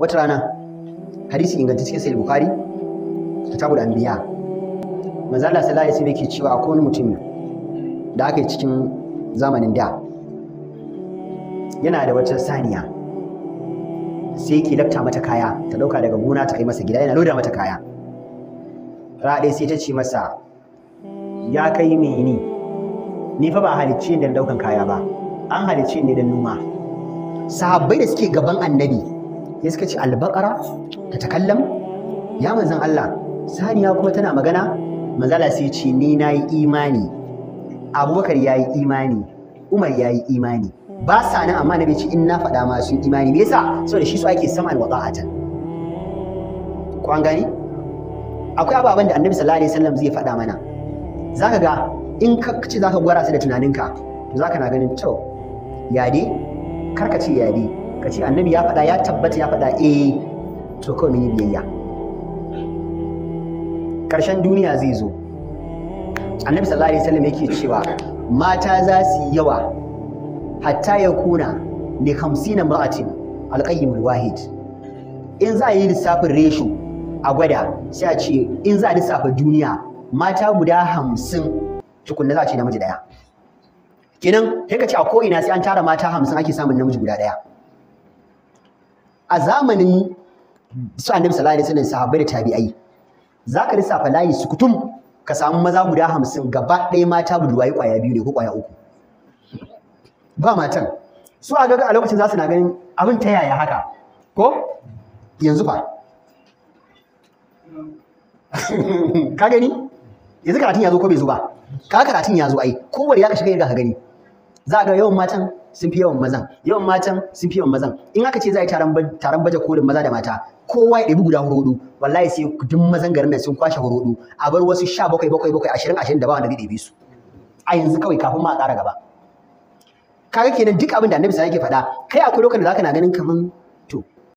wata rana hadisi inganta cikin bukari bukhari kitabul anbiya manzo Allah sallallahu alaihi wasallam yake cewa akwai wani mutum da aka yi cikin zamanin da yana da wata saniya sai yake lafta mata kaya ta dauka daga gona ta kai masa gida yana loda mata kaya raɗe sai ta ce masa ya kai mai ni ni fa ba halicci ne don daukan kaya ba an halicci ne da noma sahabbai da suke gaban annabi sai suka ce albakara ta takallam ya manzan Allah saniya kuma tana magana manzala sai ce ni yi imani Abubakar ya yi imani Umar ya yi imani ba sa nan amma na ce in na faɗa ma imani me yasa saboda shi su ake sama saman a ko an gani akwai ababen da annabi sallallahu alaihi zai faɗa mana ka ga in ka ce zaka gwara su da tunaninka to zaka na ganin to yade karka ce yade ka ce annabi ya faɗa ya tabbata ya faɗa eh to kawai mun yi biyayya ƙarshen duniya zai zo annabi sallallahu alaihi wasallam yake cewa mata za su yi yawa hatta ya kuna li na ma'atin alƙayyim wahid in za a yi lissafin reshu a gwada sai a ce in za a lissafa duniya mata guda hamsin tukunna za a ce namiji daya kenan sai ka ce a ko ina sai an tara mata hamsin ake samun namiji guda daya a zamanin su annabi sallallahu alaihi wasallam sahabbai da tabi'ai zaka lissafa layi kutum ka samu maza guda hamsin gaba ɗaya mata budurwayi kwaya biyu ne ko kwaya uku ba matan su a gaga a lokacin za su na ganin abin ta yaya haka ko yanzu fa ka gani yanzu karatun ya zo ko bai zo ba ka karatun ya zo ai kowane ya ka shiga yadda ka gani za ga yawan matan sun fi yawan mazan yawan matan sun fi yawan mazan in aka ce za a yi taron taron baje kolin maza da mata kowa ya ɗabi guda hudu wallahi sai duk mazan garin nan sun kwashe hudu a bar wasu sha bakwai bakwai bakwai ashirin ashirin da ba wanda zai ɗabi su a yanzu kawai kafin ma a ƙara gaba kaga kenan duk abin da annabi sa yake faɗa kai akwai lokacin da zaka na ganin kaman